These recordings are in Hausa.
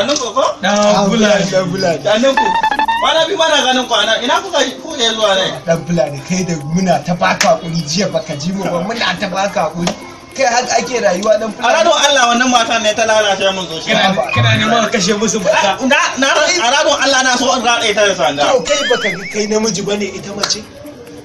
Danin ko ko? Dan ah, Fulani. Dan Fulani. Danin ko. Kwana biyu mana ganin kwana ina kuka kuka zuwa ne? Dan Fulani kai da muna ta baka hakuri jiya baka ji mu ba muna ta baka hakuri. kai haka ake rayuwa dan fulani. Aradon Allah wannan mata ne ta lalace mun zuciya. Kina kina neman kashe musu mata. Ah, na na aradon Allah na so in rade ta da sanda. To kai baka kai namiji bane ita mace.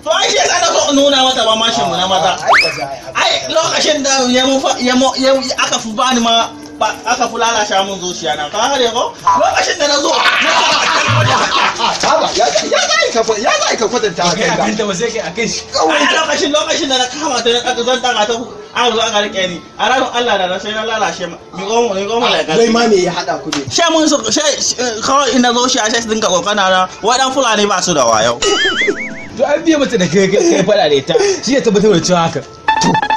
To ai shi kana so in nuna mata ba mashin mu na mata. Ah, ai lokacin da ya mu ya aka fi bani ma ba aka fi lalata mun zuciya na ka hare ko lokacin da na zo ya za ka kwatanta a kai da ba sai kai a kai shi lokacin lokacin da na kama ta na zan daga ta an zo aka rike ni a ranar Allah da na sai na lalace mi gomo mi gomo da gari ma me ya hada ku ne sai mun so sai kawai ina zo shi a sai su kokana na wadan fulani ba su da wayo to an biya mata da kai kai fada da ita shi ya tabbatar da cewa haka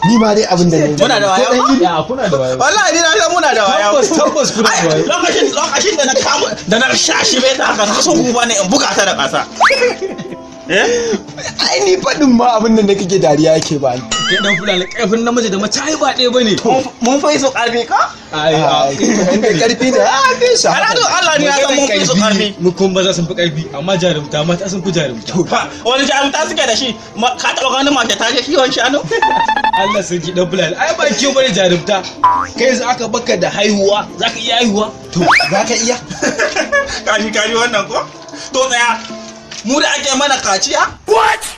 ni ma dai abin da ne muna da waya kuna da waya wallahi ni na san muna da waya tabbas tabbas kuna da waya lokacin lokacin da na kama da na shashi bai da haka so ku bane in buga ta da kasa eh? ai ni faɗin ma abin da nake dariya yake ba ni dan fulani kaifin namiji da mace ai ba ɗaya bane mun fa iso ƙarfi ka inda karfi ah, ne a ah, fi san mun su jarumta jarumta wani suke da shi ka taɓa ganin mace kiwon shanu Allah sun ki dan fulani ai aka baka da haihuwa iya haihuwa to iya wannan to ake mana kaciya what